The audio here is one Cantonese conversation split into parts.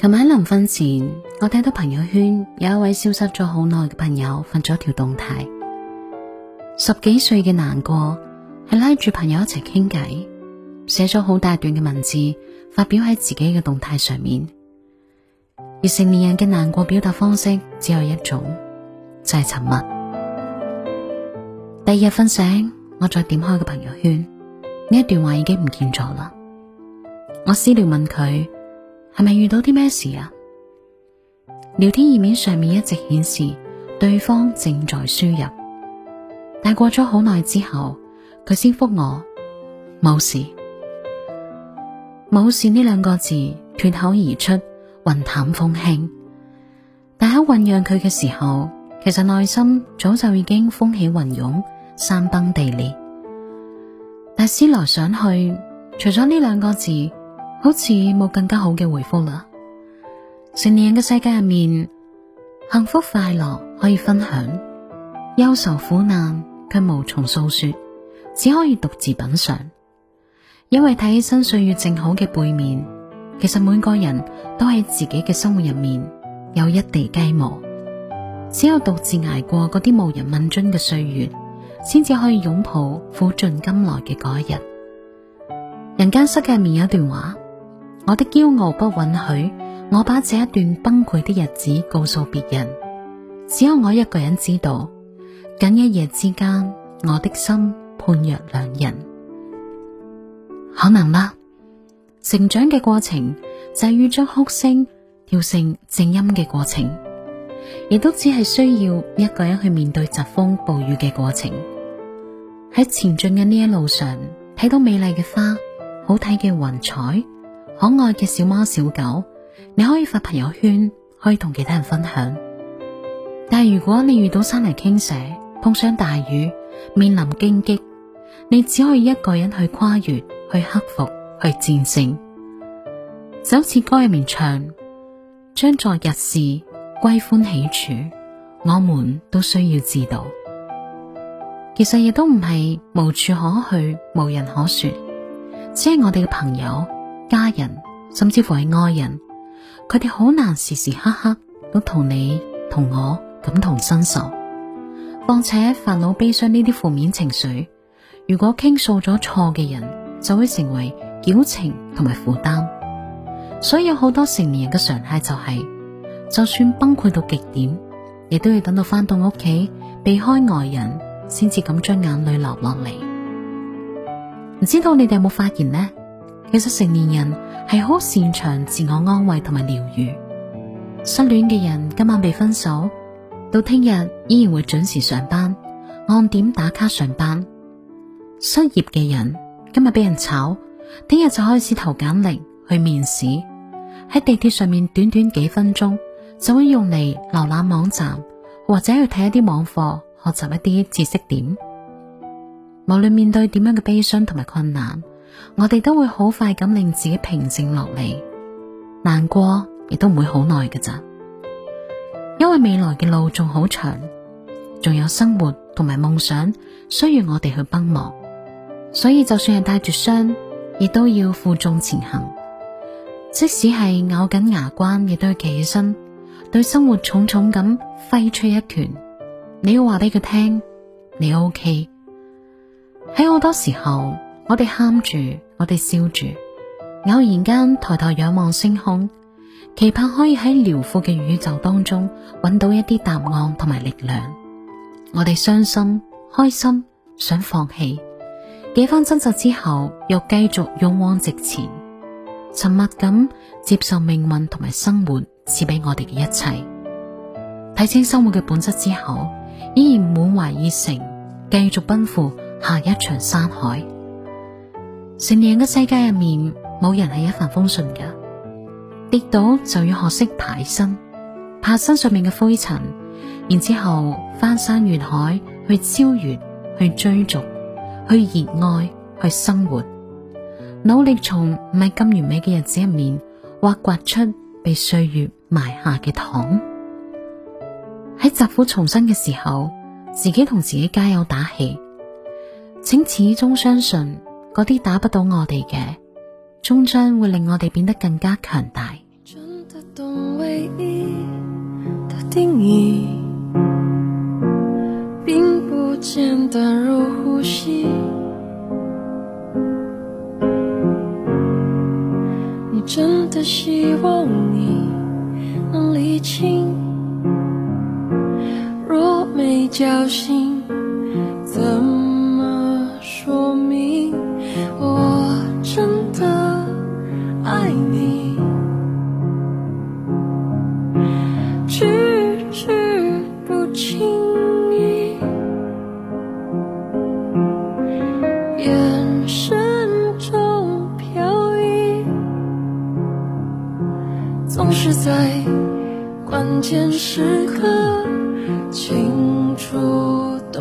琴晚喺臨瞓前，我睇到朋友圈有一位消失咗好耐嘅朋友發咗條動態，十幾歲嘅難過係拉住朋友一齊傾偈，寫咗好大段嘅文字發表喺自己嘅動態上面。而成年人嘅難過表達方式只有一種，就係沉默。第二日瞓醒，我再點開個朋友圈，呢一段話已經唔見咗啦。我私聊問佢。係咪遇到啲咩事啊？聊天頁面上面一直顯示對方正在輸入，但過咗好耐之後，佢先覆我冇事。冇事呢兩個字脫口而出，雲淡風輕。但喺醞釀佢嘅時候，其實內心早就已經風起雲湧、山崩地裂，但思來想去，除咗呢兩個字，好似冇更加好嘅回覆啦。成年人嘅世界入面，幸福快樂可以分享，憂愁苦難卻無從訴說，只可以獨自品嘗。因為睇起身歲月正好嘅背面，其實每個人都喺自己嘅生活入面有一地雞毛，只有獨自挨過嗰啲無人問津嘅歲月，先至可以擁抱苦盡甘來嘅嗰一日。人間世界入面有一段話。我的驕傲不允許我把這一段崩潰的日子告訴別人，只有我一個人知道。僅一夜之間，我的心判若兩人。可能嗎？成長嘅過程，就係於將哭聲調成靜音嘅過程，亦都只係需要一個人去面對疾風暴雨嘅過程。喺前進嘅呢一路上，睇到美麗嘅花，好睇嘅雲彩，可愛嘅小貓小狗，你可以發朋友圈，可以同其他人分享。但係如果你遇到山泥傾瀉、碰上大雨、面臨荊棘，你只可以一個人去跨越、去克服、去戰勝。首次歌入面唱，將昨 日事歸歡喜處，我們都需要知道。其實亦都唔係無處可去、無人可說，只係我哋嘅朋友。家人，甚至乎係愛人，佢哋好難時時刻刻都同你同我感同身受。況且煩惱、悲傷呢啲負面情緒，如果傾訴咗錯嘅人，就會成為矯情同埋負擔。所以有好多成年人嘅常態就係，就算崩潰到極點，亦都要等到翻到屋企避開外人，先至咁將眼淚流落嚟。唔知道你哋有冇發現呢？其實成年人係好擅長自我安慰同埋療愈。失戀嘅人今晚被分手，到聽日依然會準時上班，按點打卡上班。失業嘅人今日俾人炒，聽日就開始投簡歷去面試。喺地鐵上面短短幾分鐘，就會用嚟瀏覽網站或者去睇一啲網課，學習一啲知識點。無論面對點樣嘅悲傷同埋困難。我哋都會好快咁令自己平靜落嚟，難過亦都唔會好耐嘅咋。因為未來嘅路仲好長，仲有生活同埋夢想需要我哋去奔忙，所以就算係帶住傷，亦都要負重前行。即使係咬緊牙關，亦都要企起身，對生活重重咁揮出一拳。你要話俾佢聽，你 OK。喺好多時候。我哋喊住，我哋笑住，偶然間抬頭仰望星空，期盼可以喺遼闊嘅宇宙當中揾到一啲答案同埋力量。我哋傷心、開心，想放棄，幾番掙扎之後，又繼續勇往直前，沉默咁接受命運同埋生活賜俾我哋嘅一切。睇清生活嘅本質之後，依然滿懷熱誠，繼續奔赴下一場山海。成年人嘅世界入面，冇人係一帆風順嘅，跌倒就要學識爬身，拍身上面嘅灰塵，然之後翻山越海去超越，去追逐，去熱愛，去生活，努力從唔係咁完美嘅日子入面，挖掘出被歲月埋下嘅糖。喺疾苦重生嘅時候，自己同自己加油打氣，請始終相信。嗰啲打不到我哋嘅，終將會令我哋變得更加強大。真的懂唯一的定義，並不簡單如呼吸。你真的希望你能理清，若沒叫醒。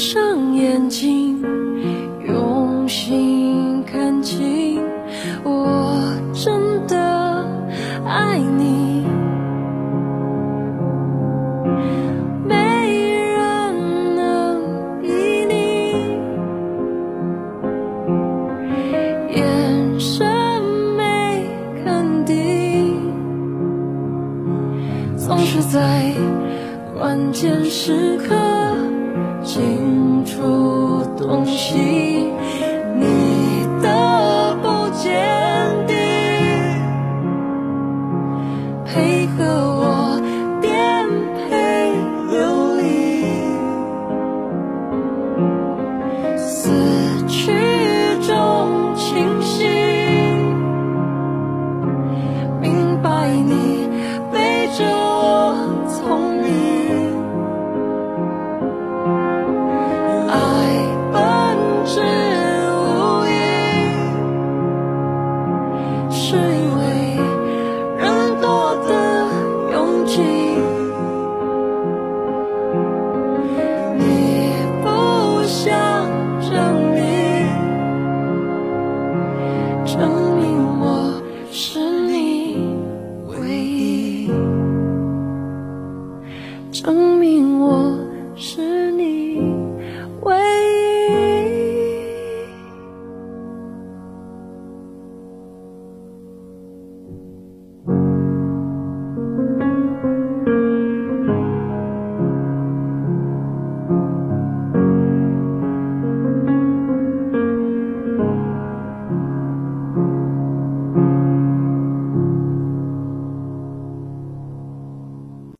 閉上眼睛，用心看清。你。是因為。